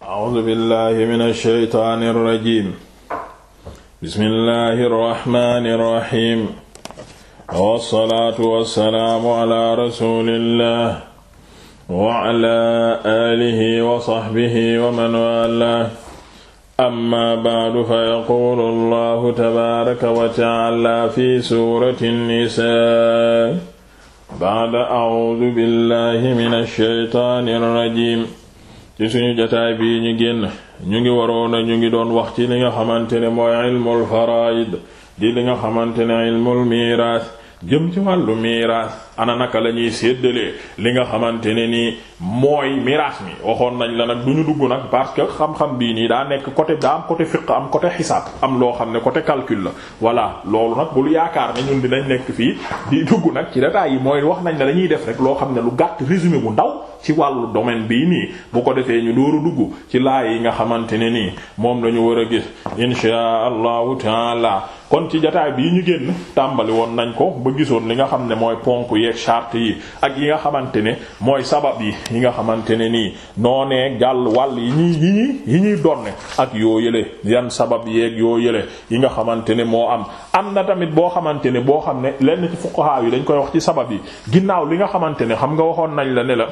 A'uuzu billaahi mina shaytaani rajiim. Bismillaahi rahmaani rahiim. Wa salaatu wa salaamu alaa rasuulillaah wa alaa aalihi wa sahbihi wa man waalaah. Amma ba'du fa yaquulu Allaahu tabaaraka wa ta'aalaa fi suurati Nisaa. Ba'da a'uuzu billaahi mina shaytaani rajiim. ci suñu jataay bii ñu génn ñu ngi waroon a ñu ngi doon wax ci li nga xamante ne mooy ilmul faraid di li nga xamante ne ilmul miiraas jëm ci màllu miiraas ana naka la ñuy séddalee li nga xamante ne nii mooy miraas mi waxoon nañ la nag du ñu dugg nag parce que xam-xam bii nii daa nekk côté daa am côté fiq am côté xisaab am loo xam ne côté calcule la voilà loolu nag bul yaakaar ne ñun dinañ nekk fii di dugg nag ci détails yi mooy wax nañ la dañuy def rek loo xam ne lu gàtt résumé bu ndaw ci wàllu domaine bii nii bu ko defee ñu dooru dugg ci laay yi nga xamante ne nii moom lañu war a gis insha allahu taala kon ci jotaay bii ñu génn tàmbali woon nañ ko ba gisoon li nga xam ne mooy ponk yee yeeg yi ak yi nga xamante ne mooy sabab yi yi nga xamante ne nii noonee gàll wàll yi ñuy yi ñuy yi ñuy donne ak yoo yële yan sabab yeeg yoo yële yi nga xamante ne moo am am na tamit boo xamante ne boo xam ne lenn ci fuqaha yi dañ koy wax ci sabab yi ginnaaw li nga xamante ne xam nga waxoon nañ la ne la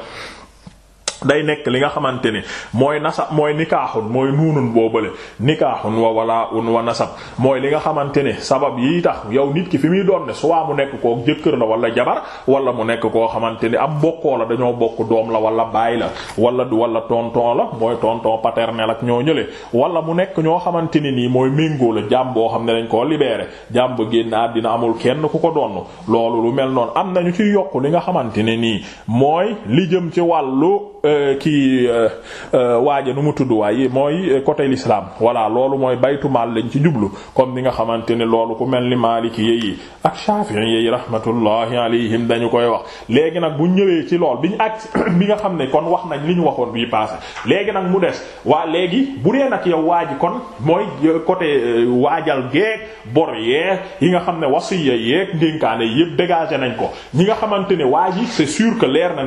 day nekk li nga xamante ni mooy nasa mooy nikaaxun mooy nuunun boobale nikaaxun wa walaa un wa nasab mooy li nga xamante ne sabab yi tax yow nit ki fi muy doon ne soit mu nekk koo jëkkër la wala jabar wala mu nekk koo xamante ni am bokkoo la dañoo bokk doom la wala bàyyi la wala du wala tonton la mooy tonton paternel ak ñoo ñële wala mu nekk ñoo xamante ni nii mooy méngoo la jàmm boo xam ne lañ koo libéré jàmm ba génn àddina amul kenn ku ko donn loolu lu mel noonu am yokk li nga xamante ne nii mooy li jëm ci wàllu Euh, kii euh, euh, waaja nu mu tudd waaye mooy côté l'islam voilà loolu mooy baytu maal lañ ci jublu comme ni nga xamante ne loolu ku mel ni Maliki yi ak Shafi'i yi rahmatullahi alayhim dañu koy wax. léegi nag bu ñëwee ci lool bi ñu ak bi nga xam ne kon wax nañ li ñu waxoon bii passé léegi nag mu des waa léegi bu dee nag yow waaji kon mooy côté waajal geeg bor yeeg yi nga xam ne wasiya yeeg ndénkaane yépp dégagé nañ ko ñi nga xamante waaji c'est sûr que leer na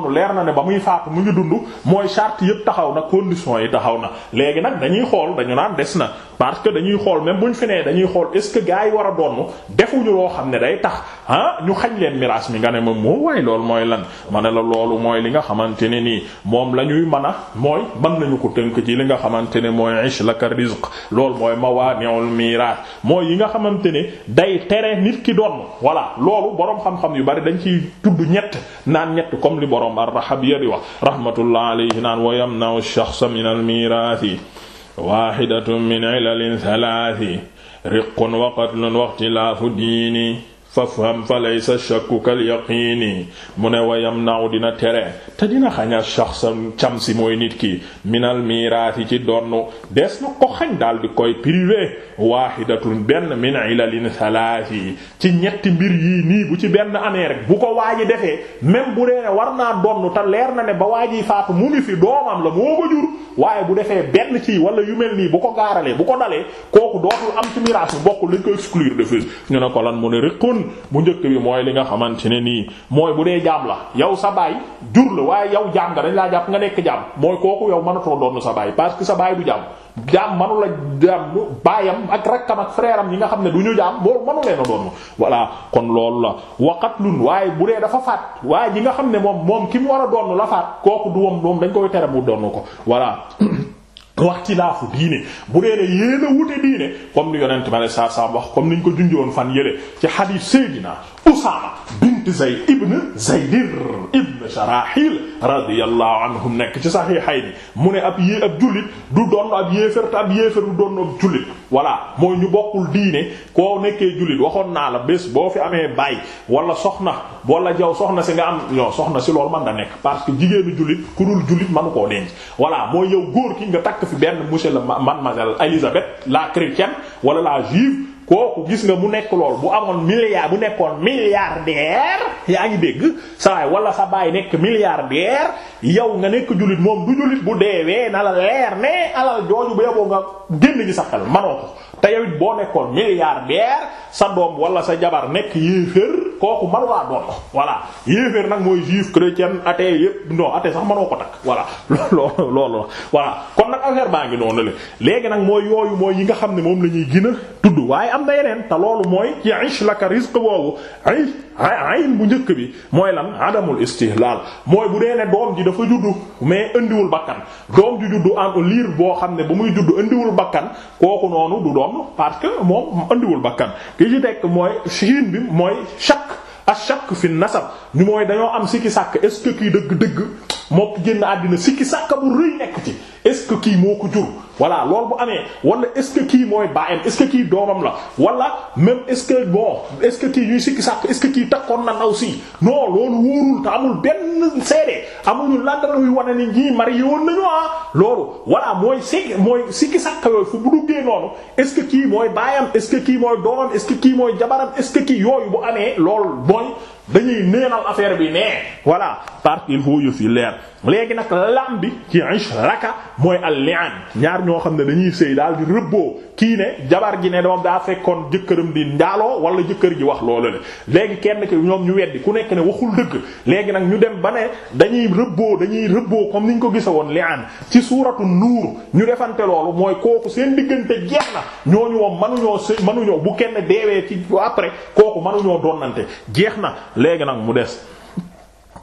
doon leer na ne ba muy faatu mu ngi dund mooy charte yëpp taxaw na condition yi taxaw na léegi nag dañuy xool dañu naan des na parce que dañuy xool même bu ñu fi nee dañuy xool est-ce que gars war a doon defuñu loo xam ne day tax ah ñu xañ leen miraas mi nga ne moom moo oh, waaye mooy lan ma ne la loolu mooy li nga xamante ne nii moom la ñuy mën a mooy mën nañu ko tënk ci li nga xamante ne mooy ish laka rizq loolu mooy mawani'ul miraas mooy yi nga xamante ne day tere nit ki doon wala loolu borom xam-xam yu bari dañ ciy tudd ñett naan ñett comme li borom ar ya di wax rahmatullah alayhi naan wa yamna'u ash-shakhsa min al yi waaxidatun min cilalin talaati riqun wa qatlun waxtilaafu diini fafham fa laysa shakku kal yaqiini mu ne wayam naaw dina tere te dina xañ a shaxsa cam si mooy nit ki minal miiraas yi ci donn des na ko xañ daal di koy privé waahidatun benn min ilalin salaasi ci ñetti mbir yii nii bu ci benn amee rek bu ko waaji defee même bu dee war naa donn te leer na ne ba waaji faatu mu ngi fi doomam la moo ko jur waaye bu defee benn ci wala yu mel nii bu ko gaaralee bu ko dalee kooku dootul am ci miiraas bu bokkul lañ gën bu njëkk bi mooy li nga xamante ne nii mooy bu dee jaam la yow sa baay jur la waaye yow jaam nga dañ laa jàpp nga nekk jaam mooy kooku yow mënatoo doon sa baay parce que sa baay du jaam jaam manu la jaam baayam ak rakkam ak frère am yi nga xam ne du ñu jaam boobu manu leen a doon voilà kon loolu la waqatlun waaye bu dee dafa faat waaye ji nga xam ne moom moom ki mu war a doon la faat kooku du wam dañ koy tere mu doon ko voilà waxtilaafu diine bu dee ne yéen a wute diine comme ni yonent ma ne saa saa wax comme niñ ko junjoon fan yële ci hadith Seydina Usaama bint Zayd ibn Zaydir ibn Sharahil radiyallahu anhum nekk ci saxiixayni mu ne ab yée ab jullit du doon ab yéefar te ab yéefar du doon ab jullit voilà mooy ñu bokkul diine koo nekkee jullit waxoon naa la bés boo fi amee baay wala soxna wala jaw soxna si nga am soxna si loolu man da nekk parce que jigéenu jullit ku dul jullit manu koo denc voilà mooy yow góor ki nga takk fi benn monsieur la mademoiselle Elisabeth la chrétienne wala la juive kooku gis nga mu nekk lool bu amoon milliard bu nekkoon milliardaire yaa ngi dégg sawaay wala sa baay nekk milliardaire yow nga nekk jullit moom du jullit bu deewee na la leer ne alal jooju ba yoboo nga génn gi sa xel manoo ko te yawit boo nekkoon milliardaire sa doom wala sa jabar nekk yéeféer kooku manu laa doon voilà yéeféer nag mooy juif chrétien athée yépp non athée sax manoo ko takk voilà loolu loolu la kon nag affaire baa ngi noonu la léegi nag mooy yooyu mooy yi nga xam ne moom la ñuy gën tudd waaye am na yeneen te loolu mooy ci ish laka rizq boobu ay ayn bu njëkk bi mooy lan adamul istihlaal mooy bu dee ne doom ji dafa juddu mais indiwul bakkan doom ji juddu en liir boo xam ne bu muy juddu indiwul bakkan kooku noonu du doom noonu parce que moom andiwul bakkan ki ci tekk mooy siin bi mooy chaque a shakk fi nasab ñu mooy dañoo am sikki sàkk est dëgg dëgg moo génn àddina sikki sàkk bu rëy nekk ci est-ce que kii moo ko jur voilà loolu bu amee wala est-ce kii mooy baayam est-ce que kii doomam la wala même est-ce que bon ce que kii ñuy sikki sàkk est-ce que kii takkoon na ndaw si non loolu wóorul te amul benn seede amuñu lan la ñuy wane ni ñii marié woon nañu ah loolu voilà mooy sikki mooy sikki sàkk yooyu fu bu duggee noonu est-ce que kii mooy baayam est-ce kii mooy doomam est-ce que kii mooy jabaram est-ce que kii yooyu bu amee loolu mooy dañuy neenal affaire bi nee voilà parce qu'il faut yëf yi leer léegi nag lam bi ci ishraka mooy al-li'an ñaar ñoo xam ne dañuy sëy daal di rëbboo kii ne jabar ji ne doom daa fekkoon jëkkëram di njaaloo wala jëkkër ji wax loolu le léegi kenn ki ñoom ñu weddi ku nekk ne waxul dëgg léegi nag ñu dem ba ne dañuy rëbboo dañuy rëbboo comme ni ñu ko gisa woon li'an ci suuratu nuur ñu defante loolu mooy kooku seen diggante jeex na ñooñu moom mënuñoo sëy mënuñoo bu kenn deewee ci après kooku mënuñoo donnante jeex na léegi nag mu des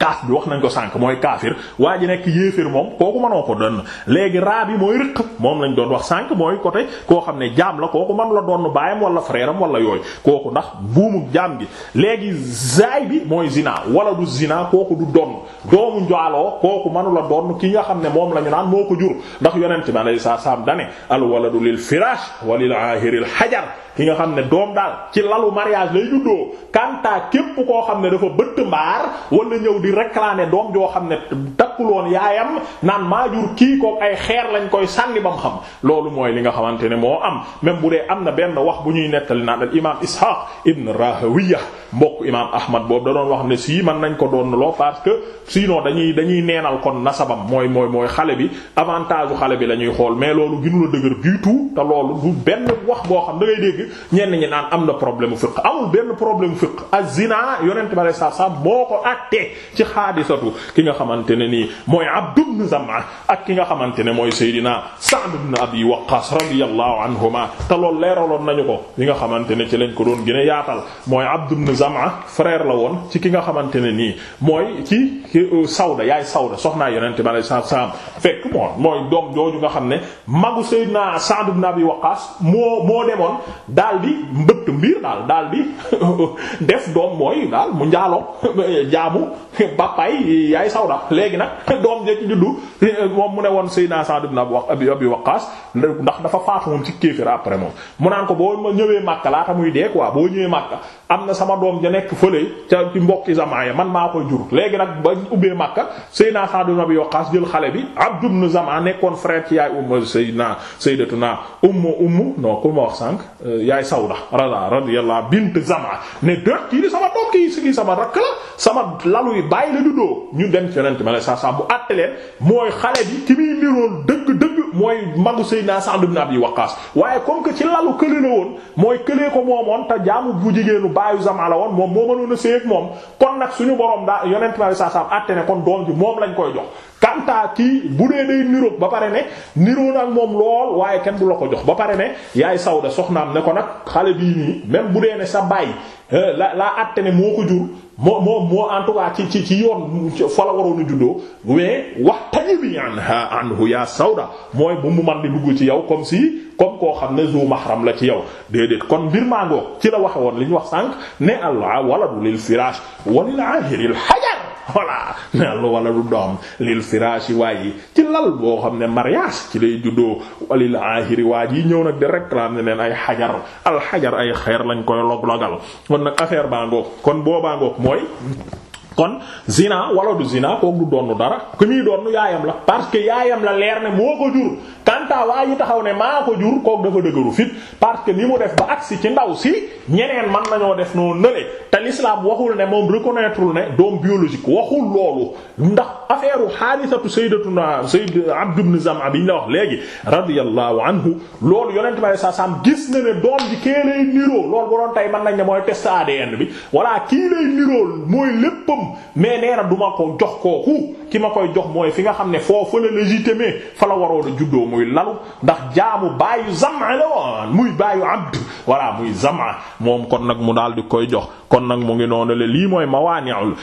kaaf bi wax nañ ko sànk mooy kaafir waa ji nekk yéeféer moom kooku mënoo ko donn léegi raa bi mooy riq moom lañ doon wax sànk mooy côté koo xam ne jaam la kooku manu la doon baayam wala frère am wala yooyu kooku ndax buumu jaam gi léegi zaay bi mooy zina wala du zina kooku du donn doomu njaaloo kooku manu la donn ki nga xam ne moom la ñu naan moo ko jur ndax yonent bi alayhi salaam dane al waladu lil firaash wa lil aahiril hajar ki nga xam ne doom daal ci lalu mariage lay juddoo kanta képp koo xam ne dafa bëtt mbaar wala ñëw di réclamer doom joo xam ne takkuloon yaayam naan maa jur kii kook ay xeer lañ koy sànni ba mu xam loolu mooy li nga xamante ne moo am même bu dee am na benn wax bu ñuy nettali naan al imaam Ishaq ibn Rahawiya mbokk imaam Ahmad boobu da doon wax ne sii mën nañ ko doon loo parce que sinon dañuy dañuy neenal kon nasabam mooy mooy mooy xale bi avantage xale bi la ñuy xool mais loolu gënu la dëgër du tout te loolu bu benn wax boo xam da ngay dégg ñenn ñi naan am na problème fiqh amul benn problème fiqh az-zina yonent bi sallallahu alayhi wasallam moo ko àtte ci xaadisatu ki nga xamante ne nii mooy Abd ibn Zam'a ak ki nga xamante ne mooy Seydina Sa'd ibn Abi Waqqas radiyallahu anhuma te loolu leeraloon nañu ko li nga xamante ne ci lañ ko doon gën a yaatal mooy Abd ibn Zam'a frère la woon ci ki nga xamante ne nii mooy ci euh, Sawda yaay Sawda soxnaa yonente bi sa saam fekk moom mooy doom jooju nga xam ne magu Seydina Sa'd ibn Abi Waqqas moo moo demoon daal di mbëtt mbir daal daal di def doom mooy bàppaay yaay sawda léegi nag doom ja ci juddu moom mu ne woon Seydina Sa'd ibn Abi Waqqas ndax dafa faatu woon ci kéefër après moom mu naan ko boo ñëwee Makka laata muy dee quoi boo ñëwee Makka am na sama doom ja nekk fële ca ci mbokki man maa koy jur léegi nag ba ubbee Makka Seydina Sa'd ibn Abi Waqqas jël xale bi Abd ibn Zamaa nekkoon frère ci yaay Umm Seydina Sayyidatuna Umm Umm non ku ma wax sànq euh, yaay sawda rada radiyallahu bint Zamaa ne dëkk kii sama doom kii sama rakk la sama lalu yi bàyyi la juddoo ñu dem ci yonent ma la saa saa bu àtte leen mooy xale bi ki muy niroon dëgg-dëgg mooy magu Seydina Sa'd ibn Abi Waqqas waaye comme que ci lalu kële la woon mooy këlee ko moomoon te jaamu bu jigéenu baayu Zama la woon moom moo mënoon a moom kon nag suñu borom daa yonent ma la saa saa kon doom ji lañ koy jox. kanta kii bu dee day ba pare ne niroo nag moom lool waaye kenn du la ko jox ba pare ne yaay Sawda soxnaam ne ko nag xale bii nii même bu dee ne sa baay eh, la laa àtte ne moo ko jur moo moo moo en ci ci ci yoon fa la waroon a juddoo mais wax tajibi anha anhu yaa sawda mooy bu mu man di dugg ci yow comme si comme koo xam ne zu mahram la ci yow déedéet kon mbir maa ci la waxe woon li ñu wax sànq ne allah waladu lil firaash walil aahiril hajar voilà lu wala du doom lil firaashi waay yi ci lal boo xam ne mariage ci lay juddoo walil ahiri waaj yi ñëw nag di réclamer leen ay xajar al xajar ay xeer lañ koy log-logal kon nag affaire baa ngoog kon boobaa ngoog mooy kon zina wala du zina kook du donnu dara ku ñuy donnu yaayam la parce que yaayam la leer ne moo ko jur kanta waa yi taxaw ne maa ko jur kook dafa dëgëru fit parce que ni mu def ba agsi ci ndaw si ñeneen man nañoo def noo nële te l'islam waxul ne moom reconnaîtreul ne doom biologique waxul loolu ndax affaire xaalisatu sayyidatuna sayyid Abd ibn Zam'a biñ la wax léegi radiyallahu anhu loolu yonent bi saa saam gis na ne doom ji kee lay niroo loolu bu doon tey mën nañ ne mooy test ADN bi voilà kii lay niroo mooy léppam mais nee duma ko jox kooku ki ma koy jox mooy fi nga xam ne foofu la légitimé fa la waroon a juddoo muy lalu ndax jaamu baayu Zam'a la woon muy baayu Abd voilà muy Zam'a moom kon nag mu daal di koy jox kon nag mu ngi noonu la lii mooy mawaani'ul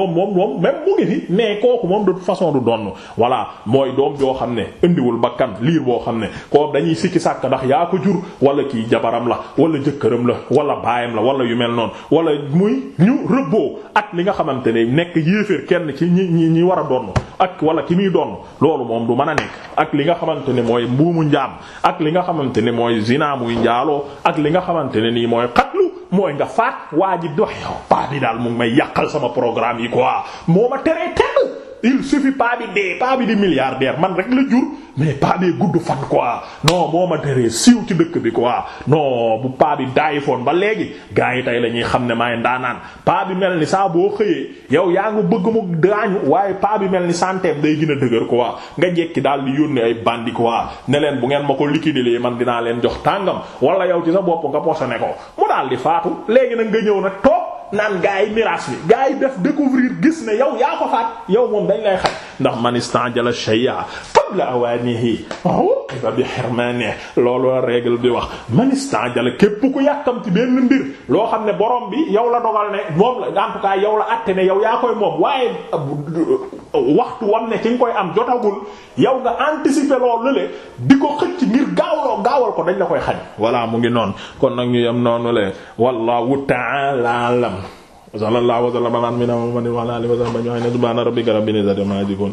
doom moom moom même mu ngi fi mais kooku moom de façon du donn voilà mooy doom joo xam ne indiwul bakkan liir boo xam ne koo dañuy sikki sàkk ndax yaa ko jur wala kii jabaram la wala jëkkëram la wala baayam la wala yu mel noonu wala muy ñu rëbboo ak li nga xamante ne nekk yéeféer kenn ci ñi ñi ñi war a donn ak wala ki muy donn loolu moom du mën a nekk ak li nga xamante ne mooy mbuumu njaam ak li nga xamante ne mooy zina muy njaaloo ak li nga xamante ne nii mooy xatlu mooy nga faat waa ji dox paa bi daal mu ngi may yàqal sama programme yi quoi moo ma teree tedd il suffit paa bi dee paa bi di man rek la jur mais pas des gudd fan quoi non moo ma teree siiw ci dëkk bi quoi non bu paa bi daayi foon ba léegi gaa yi tey la ñuy xam ne maay ndaanaan paa bi mel ni saa boo xëyee yow yaa ngi bëgg mu daañu waaye paa bi mel ni santeem day gën a dëgër quoi nga jekki daal di yónnee ay bandi quoi ne leen bu ngeen ma ko liquider man dinaa leen jox tàngam wala yow ci sa bopp nga posone ko mu daal di faatu léegi nag nga ñëw nag toog naan gaa yi miraas bi gaa yi def découvrir gis ne yow yaa yow moom dañ lay xaj ndax man qabla awaanihi uqiba bi hirmaanihi loolu la règle bi wax man istaajala képp ku yàkkamti benn mbir loo xam ne borom bi yow la dogal ne moom la en tout yow la àtte ne yow yaa koy moom waaye euh, waxtu wam ne ki nga koy am jotagul yow nga anticiper loolu le di ko xëcc ngir gaawloo gaawal ko dañ la koy xañ voilà mu ngi noonu kon nag ñu yem noonu le wallahu ta'ala alam sallallahu wa sallama ala nabiyyina muhammadin wa ala alihi wa sahbihi ajma'in subhana rabbika rabbil izzati amma yasifun